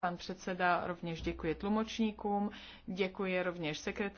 Pan předseda rovněž děkuje tlumočníkům, děkuje rovněž sekretářům.